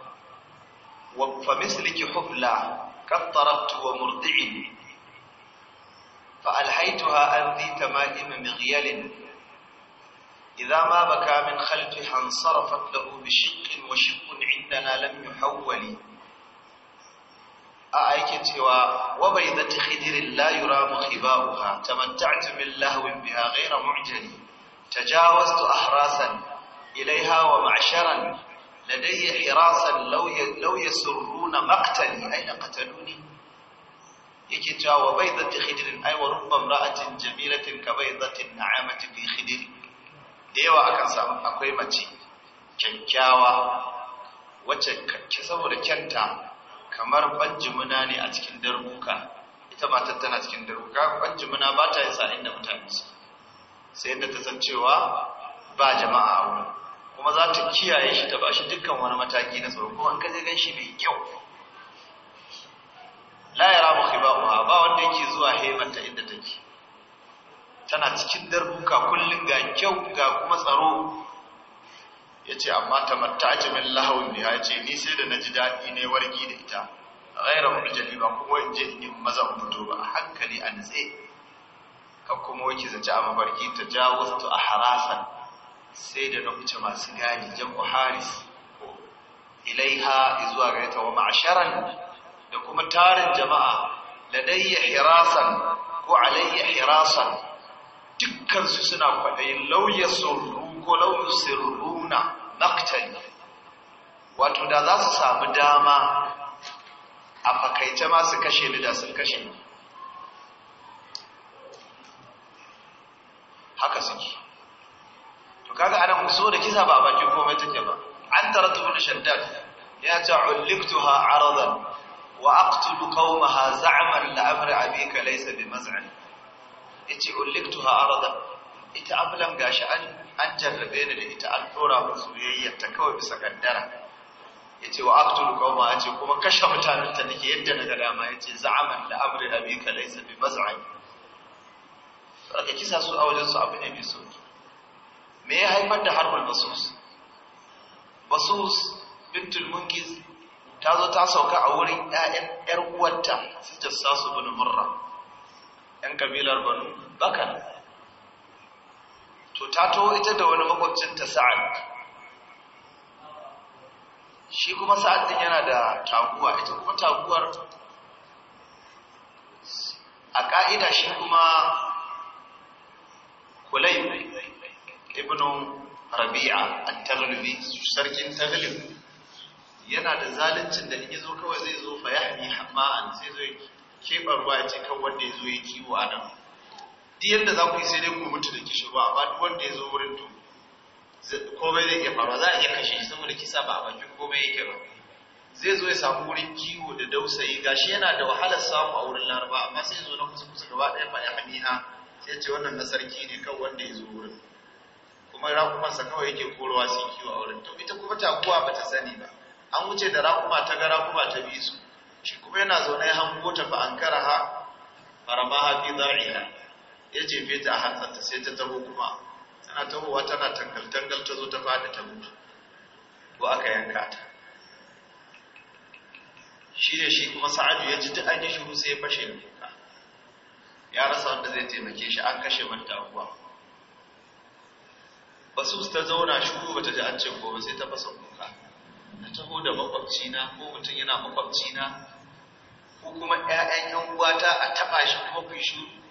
wa fa misliki hubla qattaratu wa murdi'in fa alhaytuha ardi tamaim mighyal idha ma baka min khalfiha ansarafat lahu bi shiqqin wa shiqqun indana lam yuhawwali a aikin cewa wa da ta hidirin layura muhiba'uha ta matta'atu min lahawin biha ghaira mu'jali tajawaztu ahrasan ilaiha wa ma'sharan ladayya hirasan na yasurruna maqtali aina qataluni yake cewa wa da ta hidirin ai wa ra'atin jamilatin ka bai da na na'amati fi hidiri da yawa akan samu akwai mace kyakkyawa wacce saboda kyanta kamar banjimuna ne a cikin darbuka ita matar tana cikin darbuka banjimuna ba ta yi sa'in da mutane su sai da ta san cewa ba jama'a a wurin kuma za ta kiyaye shi ta ba shi dukkan wani mataki na tsaro kuma in ka gan shi mai kyau la ya rabu ba wanda yake zuwa hemanta inda take tana cikin darbuka kullum ga kyau ga kuma tsaro ya ce amma ta tamattaci min lahawin ne ya ce ni sai da na ji daɗi ne wargi da ita ghairar jami ba kuma in je in yi maza fito ba a hankali a nutse ka kuma wake zace a mafarki ta jawo a harasan sai da na kuce masu gani jan haris ilaiha zuwa ga wa ma'asharan da kuma tarin jama'a ladayya hirasan ko alayya hirasan dukkansu suna kwaɗayin lauyar sun ko lauyar sirruna maktali wato da za su samu dama a fakaice ma su kashe ni da sun kashe ni haka suke to kaga ana kuso da kisa ba a bakin komai take ba an taratu bin shaddad ya ce uliktuha aradan wa aqtulu qaumaha za'man la amri abika laysa bi maz'an yace uliktuha aradan ita abulan gashi an jarrabe ni da ita an tora min soyayyar ta kawai bisa kaddara yace wa aqtulu qawma yace kuma kashe mutanen ta nake yadda na ga dama yace za'aman la amri abika laysa bi maz'an aka kisa su a wajen su abu ne mai so me ya haifar da harbul basus basus bintul munkiz ta zo ta sauka a wurin ‘ya'yan ‘yar uwarta su ta sasu bin murra ‘yan kabilar banu bakan to ta taho ita da wani makwabcinta sa'ad shi kuma sa'ad din yana da taguwa ita kuma taguwar a ƙa'ida shi kuma kulai ibn rabi'a a taglibi sarkin taglib yana da zaluncin da in zo kawai zai zo fa yahmi an sai zo keɓar ruwa ya ce kan wanda ya zo ya kiwo adam duk yadda za ku yi sai dai ku mutu da ba amma duk wanda ya zo wurin to komai zai iya faruwa za a iya kashe shi saboda kisa ba a bakin komai yake ba zai zo ya samu wurin kiwo da dausayi gashi yana da wahalar samu a wurin laraba amma sai zo na kusa kusa gaba ɗaya ba ya hamiha sai ce wannan na sarki ne kan wanda ya zo wurin kuma raƙumansa kawai yake korowa su kiwo a wurin to ita kuma kuwa ba ta sani ba an wuce da raƙuma ta ga raƙuma ta bi su shi kuma yana zaune ya hango ta fa an ha faramaha fi zar'iha ya jefe ta a hannunta sai ta taho kuma tana tahowa tana tangal-tangal ta zo ta fada ta mutu ko aka yanka ta shi ne shi kuma sa'adu ya ji duk an yi shiru sai ya fashe da kuka ya rasa wanda zai taimake shi an kashe mata uwa su ta zauna shiru ta ji an ce ba sai ta fasa kuka na taho da makwabci na ko mutum yana makwabci na ko kuma ƴaƴan yan uwata a taɓa shi kuma kun shiru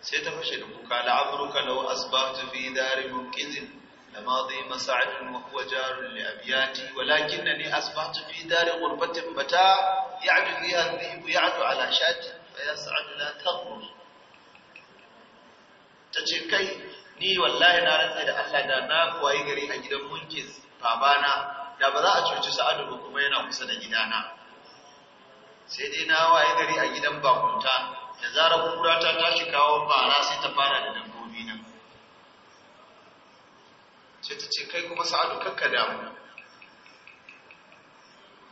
sai ta fashe da kuka la'abruka law asbahtu fi dari munqizin لماضي مسعد وهو جار bata, ya أصبحت في دار غربة متاع يعد فيها الذئب يعد على شاتي فيسعد لا Ta ce kai ni wallahi na rantsa da Allah da na kwayi gari a gidan munkiz babana da ba za a cuci sa'adu ba kuma yana kusa da gidana sai dai na waye gari a gidan bakunta da zarar kura ta tashi kawo bara sai ta fara da dabbobi nan sai ta ce kai kuma sa'adu kakka damu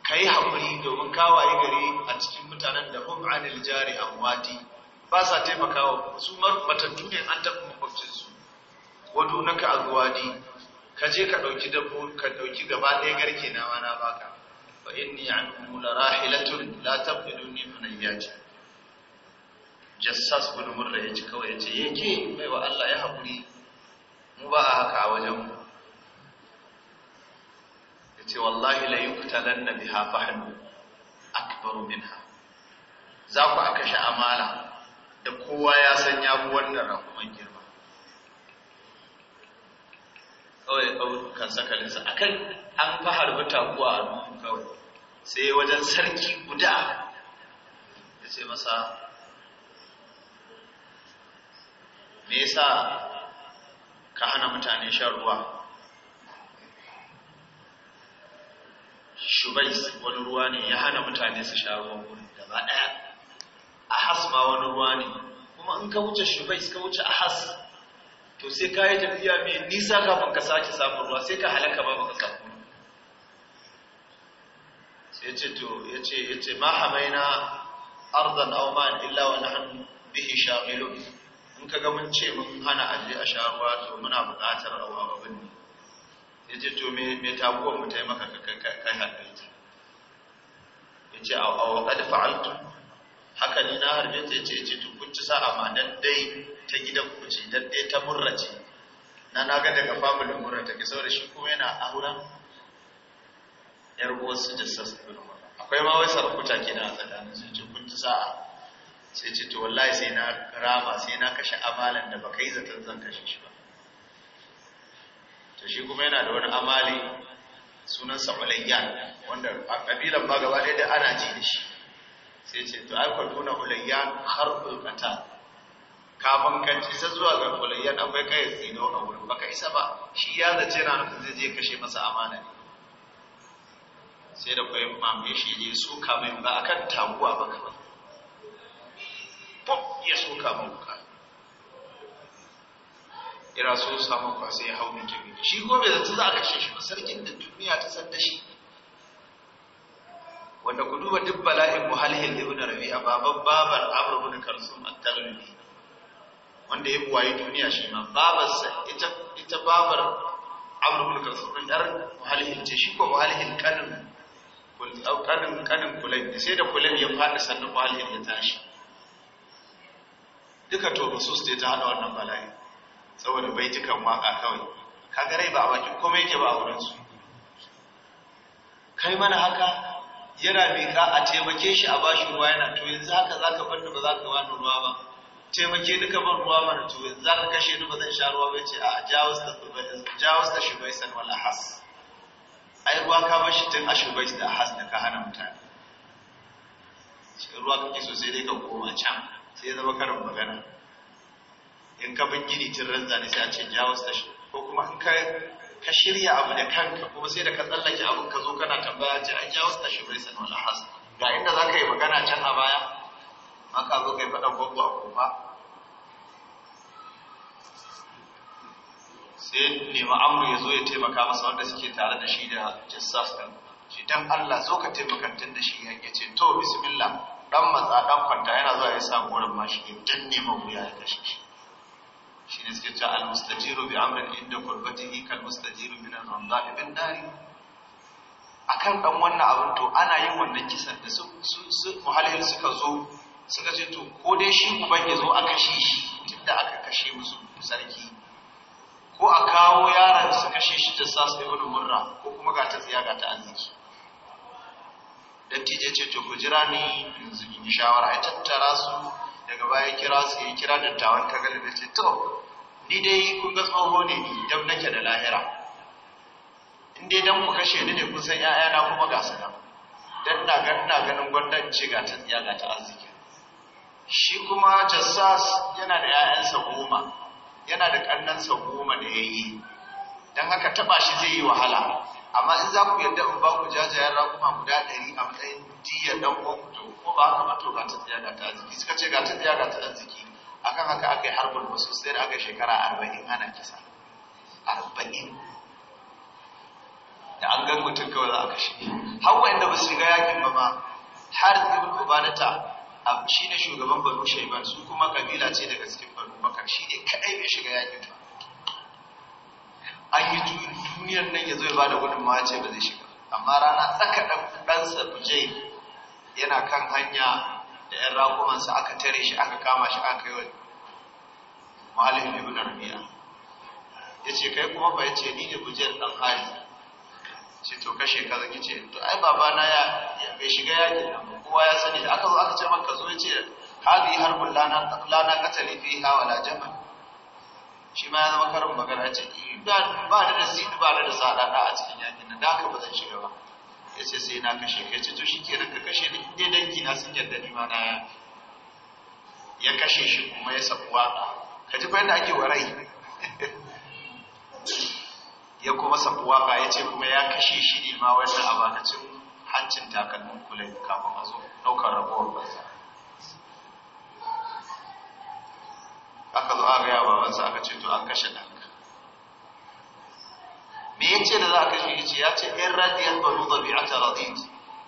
ka yi haƙuri domin kawaye gari a cikin mutanen da hun anil jari a amwati ba sa taimakawa su matattu ne an taɓa mafafcinsu wato na ka azuwadi ka je ka ɗauki dabbo ka ɗauki gaba ɗaya garke na wana baka fa inni an mula rahilatun la tabdiluni yaji. jassas wani murra ya ci kawai ya ce yake mai wa Allah ya haƙuri mu ba a haka a wajen ya ce wallahi la yi nan na biha fahimu akbaru ha. za ku a kashe amala da kowa ya san ya bu wannan rakuman girma kawai kan sakalinsa a kan an fi harbi takuwa a nuna kawai sai wajen sarki guda ya ce masa me yasa ka hana mutane shan ruwa shubais wani ruwa ne ya hana mutane su sha ruwan wurin gaba ɗaya ahas ma wani ruwa ne kuma in ka wuce shubais ka wuce ahas to sai ka yi tafiya mai nisa kafin ka sake samun ruwa sai ka halaka ba baka samu sai ce to ya ce ya ce ma hamaina ardan aw illa wa nahnu bihi shaghilun in ka ga mun ce mun hana aje a sharuwa to muna buƙatar rawa babin ne ya ce to me me taguwa mu ta yi maka kai harbe ta ya ce a waƙad fa'altu haka ni na harbe ta ce ce to kun ci sa'a ma dan dai ta gidan ku ce dan dai ta murrace na na ga daga famulin murra take saboda shi kuma yana auren yar uwarsu su akwai ma wai sarakuta kina a tsakanin sun ce kun ci sa'a sai ce to wallahi sai na rama sai na kashe amalan da baka yi zaton zan kashe shi ba to shi kuma yana da wani amali sunan ulayyan wanda a kabilan ba gaba ɗaya da ana ji da shi sai ce to ai kwatuna ulayyan har ulkata kafin ka ta zuwa ga ulayyan akwai kai tsino a wurin baka isa ba shi ya zace na nufin zai je kashe masa amana ne sai da kwayan mamaye shi je su kamar ba akan taguwa ba kawai pop ya soka mawuka ira so samu kwasa ya hau kimi shi ko bai zata za a kashe shi sarkin da duniya ta san da shi wanda ku duba duk bala'in muhalhil ibn rabi'a baban babar amr ibn karsum at-taghlib wanda ya buwaye duniya shi ma sa ita ita babar amr ibn karsum din yar muhalhil ce shi ko muhalhil kanin kun kanin kanin kulai sai da kulai ya fadi sannan muhalhil ya tashi duka to nusus ce ta hada wannan bala'i saboda bai baitukan waka kawai kaga rai ba a bakin komai yake ba a wurin su kai mana haka yana ka a taimake shi a bashi ruwa yana to yanzu haka zaka bar ni ba zaka wani ruwa ba taimake ni ka bar ruwa mana to yanzu zaka kashe ni ba zan sha ruwa ba ce a jawus da jawaz da shubaisan wala ahas ai ruwa ka bar shi tun ashubais da has da ka hana mutane ruwa kake so sai dai ka koma can sai zama karin magana in ka bin gini cin ranza ne sai a ce ya wasu tashi ko kuma in ka ka shirya abu da kanka kuma sai da ka tsallake abin ka zo kana tambaya ce an ya wasu tashi bai sanu lahas ga inda za ka yi magana can a baya ka zo ka yi faɗan gwagwa a kofa sai nema amru ya zo ya taimaka masa wanda suke tare da shi da jassas ɗin shi dan Allah zo ka taimakantar da shi ya ce to bismillah dan matsa dan kwanta yana zuwa ya sa goron mashi ne dan neman wuya ya kashe shi shi ne suke cewa al-mustajiru bi amrin inda qurbatihi kal mustajiru min al-ramda ibn dari akan dan wannan abin to ana yin wannan kisan da su su muhallin suka zo suka ce to ko dai shi uban ya zo aka kashe shi tunda aka kashe musu sarki ko a kawo yaron su kashe shi da sasu ibn murra ko kuma ga ta tsiya ga ta arziki dattijo ce to ku jira ni yanzu in shawara ya tattara su daga baya kira su ya kira dattawan kagali da ce to ni dai kun ga tsoho ne ni dab nake da lahira in dai dan ku kashe ni ne kun san na kuma ga su dan na ga ina ganin gwanda ce ga ta tsiya ga ta arziki shi kuma jassas yana da ƴaƴansa goma yana da ƙannansa goma da yayi dan haka taba shi zai yi wahala amma in za ku yadda in ba ku jajayen rakuma guda ɗari a matsayin diyar ɗan uwan to ko ba haka mato ga ta tsaya ga ta arziki suka ce ga ta tsaya ga ta arziki akan haka aka yi harbin wasu sai da aka shekara arba'in ana kisa arba'in da an gan mutum kawai za a kashe hawa inda ba su shiga yakin ba ma har ibn ubanata shi ne shugaban banu shaiban su kuma kabila ce daga cikin banu bakar shi ne kadai bai shiga yakin ba an yi juyi Miyan nan ya zo ya ba da gudunmawa ce ba zai shiga amma rana tsaka ɗansa bujai yana kan hanya da ‘yan rakumansa aka tare shi aka kama shi aka yi mahalin ibn rabi'a ya ce kai kuma ba ya ce ni ne bujai ɗan hali ce to kashe ka zaki ce to ai babana ya bai shiga yaƙi kowa ya sani da aka zo aka ce maka zo ya ce hadi harbin lana katalifi hawa la jama'a shi ma ya zama karin magana ce eh, ba da sinu ba da sadada a cikin yakin nan da aka ba zan shiga ba ya ce sai na kashe ka ce to shi ke ka kashe ni inda dangi na sun yarda ni ma na ya ya kashe shi kuma ya sabu waƙa, ka ji bayan da ake warai ya kuma sabu waƙa ya ce kuma ya kashe shi ne ma wannan abakacin hancin takalmin kulai kafin a zo ɗaukar rabuwar banza aka zo aka yawa babansa aka ce to an kashe ɗanka me ya ce da za ka shi ya ce ya ce in radiyar banu ta radiyat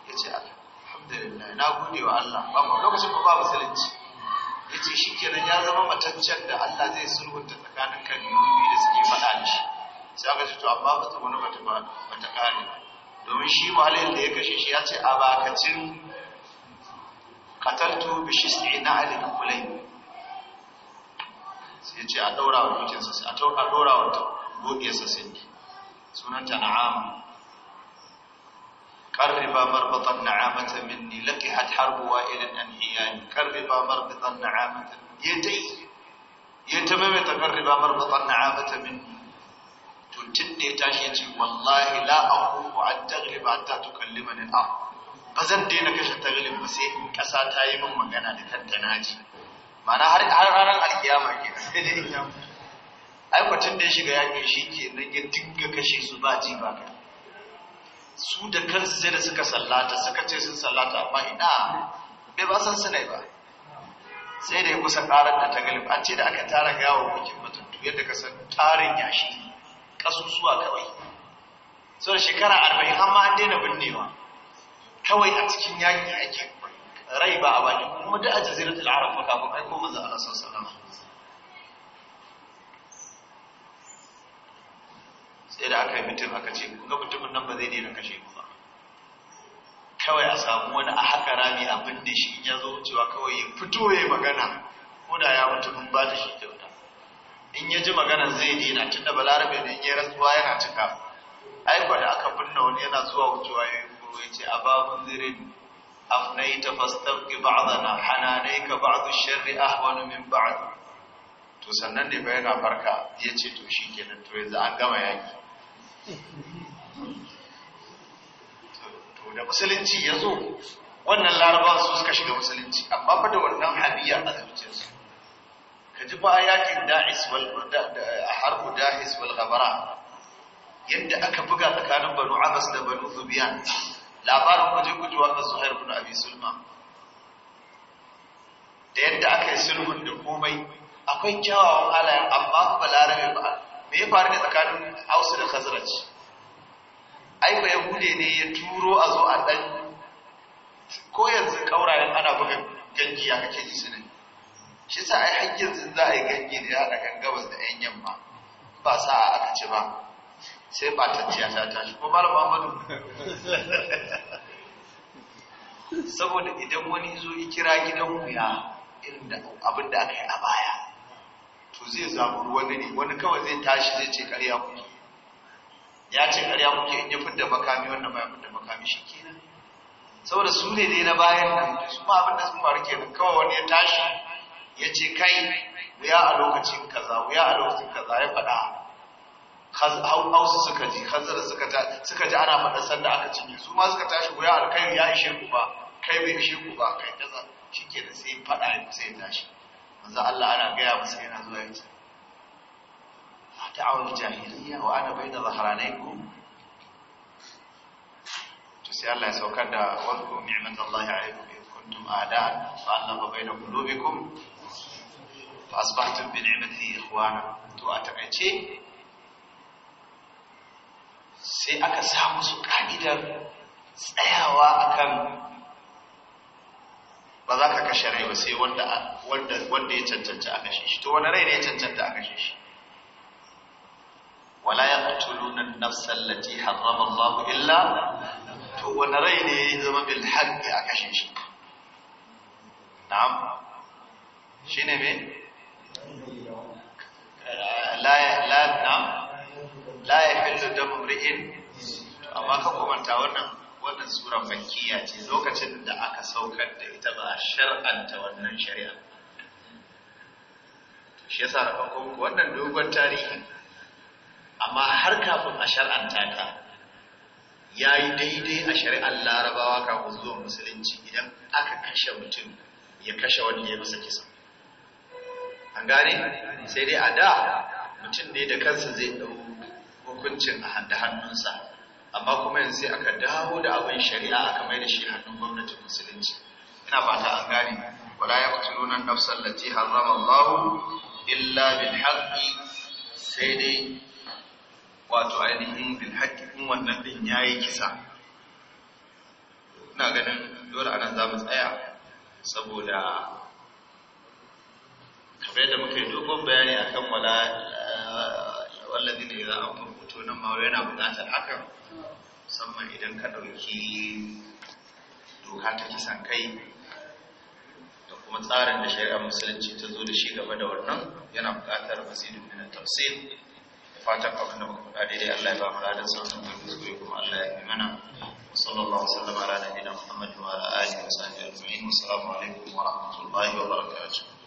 ya ce alhamdulillah na gode wa Allah ba lokacin ba musulunci ya ce shi kenan ya zama matancan da Allah zai sulhunta tsakanin kabilu da suke faɗa da shi sai aka ce to amma ba ta wani bata ba bata kare domin shi muhalin da ya kashe shi ya ce a bakacin qataltu bishis shisti na kulai sai ce a daura wa mutunsa sai a daura wa buɗinsa sai ne sunanta na'ama ƙarriba marbatan na'amata minni laƙi hatharbuwa irin an hiyani ƙarriba marbatan na'amata ya dai ya ta mamata ƙarriba marbatan na'amata minni to cinne ta shi ce wallahi la'ahu ku an tagriba ta tukallima ni ba zan daina kashe tagalin ba sai in ƙasa ta min magana da kanta naji mana har ranar alkiyama ke sai dai ya da ya shiga yakin shi ke nan ya dinga kashe su ba ji ba ka. su da kansu sai da suka sallata suka ce sun sallata amma ina bai ba san sunai ba sai da ya kusa karar da ta galib an ce da aka tara gawa wakil matattu yadda ka san tarin yashi kasusuwa kawai sau da shekara arba'in amma an daina binnewa kawai a cikin yaƙi ake rai ba a bani kuma da a jaziratul arab ba kafin aiko manzo a sallallahu salama sai da aka yi mutum aka ce kuma ga mutumin nan ba zai daina kashe ku ba kawai a samu wani a haka rami abin da shi ya zo cewa kawai ya fito ya magana ko da ya mutum in ba da shi kyauta in ya ji magana zai daina da balarabe ne in ya rasuwa yana cika aiko da aka binne wani yana zuwa wucewa ya ce a babun zirin أفنيت فاستلقي بعضنا حنانيك بعض الشر أهون من بعد to sannan da ba yana farka ya ce to shi kenan turai yanzu an gama yaki to da musulunci ya zo wannan laraba su suka shiga musulunci amma fa da wannan habiya a zuciyarsu ka ji ba yakin da'is wal harbu da'is wal ghabara yadda aka buga tsakanin banu abbas da banu zubiyan labarin wajen gujewa ga zuhair bin abi sulma da yadda aka yi sulhun da komai akwai kyawawan halayen amma ba larabe ba me ya faru da tsakanin hausa da khazraj ai ba yahude ne ya turo a zo a dan ko yanzu kaurayen ana buga gangi ya kake ji sunan shi sa ai za a yi gangi da ya haɗa kan gabas da yan yamma ba sa aka ci ba sai ba ta tashi ko malam madu saboda idan wani zo ya kira gidan wuya irin da abin da aka yi a baya to zai zabu wani ne wani kawai zai tashi zai ce karya kuke ya ce karya kuke in ya fidda makami wannan ba ya fidda makami shi kenan saboda su ne dai na bayan nan su ba abin da sun faru kenan kawai wani ya tashi ya ce kai wuya a lokacin kaza wuya a lokacin kaza ya faɗa Hausu suka ji hanzara suka ji ana faɗa sanda aka cinye su ma suka tashi goya alkhairi ya ishe ku ba kai bai ishe ku ba kai kaza shi ke da sai faɗa ya kusa ya tashi manzo Allah ana gaya masa yana zuwa ya ce da'awar jahiliya wa ana bai da zaharanaikum to sai Allah ya saukar da wadda ni'mat Allah ya aiku bi kuntum a'da fa allafa baina qulubikum fa asbahtum bi ni'matihi ikhwana to a takaice sai aka samu su ka'idar tsayawa akan ba za ka kashe rai ba sai wanda ya cancanta a kashe shi to wani rai ne ya cancanta a kashe shi wala yaqtuluna na nafsa allati harrama babu illa to wani rai ne ya zama bil haqqi a kashe shi na'am shine me la la na'am la yahillu damu ri'in amma ka komanta wannan wannan sura makkiya ce lokacin da aka saukar da ita ba a shar'anta wannan shari'a shi yasa na farko wannan dogon tarihi amma har kafin a shar'anta ta ya yi daidai a shari'ar larabawa kafin zuwa musulunci idan aka kashe mutum ya kashe wanda ya masa kisa an gane sai dai a da mutum ne da kansa zai ɗau hukuncin da hannunsa amma kuma yanzu aka dawo da abin shari'a aka mai da shi hannun gwamnatin musulunci ina fata an gane wala ya yaqtuluna an-nafsa allati harrama Allah illa bil haqqi sai dai wato ainihin bil haqqi in wannan din yayi kisa ina ganin dole anan za mu tsaya saboda kamar yadda muka yi dogon bayani akan wala والذين إذا أمروا sunan ma yana buƙatar haka musamman idan ka ɗauki doka ta kisan kai da kuma tsarin da shari'ar musulunci ta zo da shi gaba da wannan yana buƙatar masidin min tafsir da fatan abin da muka faɗa daidai Allah ya ba mu ladan sauran da kuskure kuma Allah ya yi mana sallallahu alaihi wa sallam ala nabiyina Muhammad wa ala alihi wa sahbihi ajma'in assalamu alaikum wa rahmatullahi wa barakatuh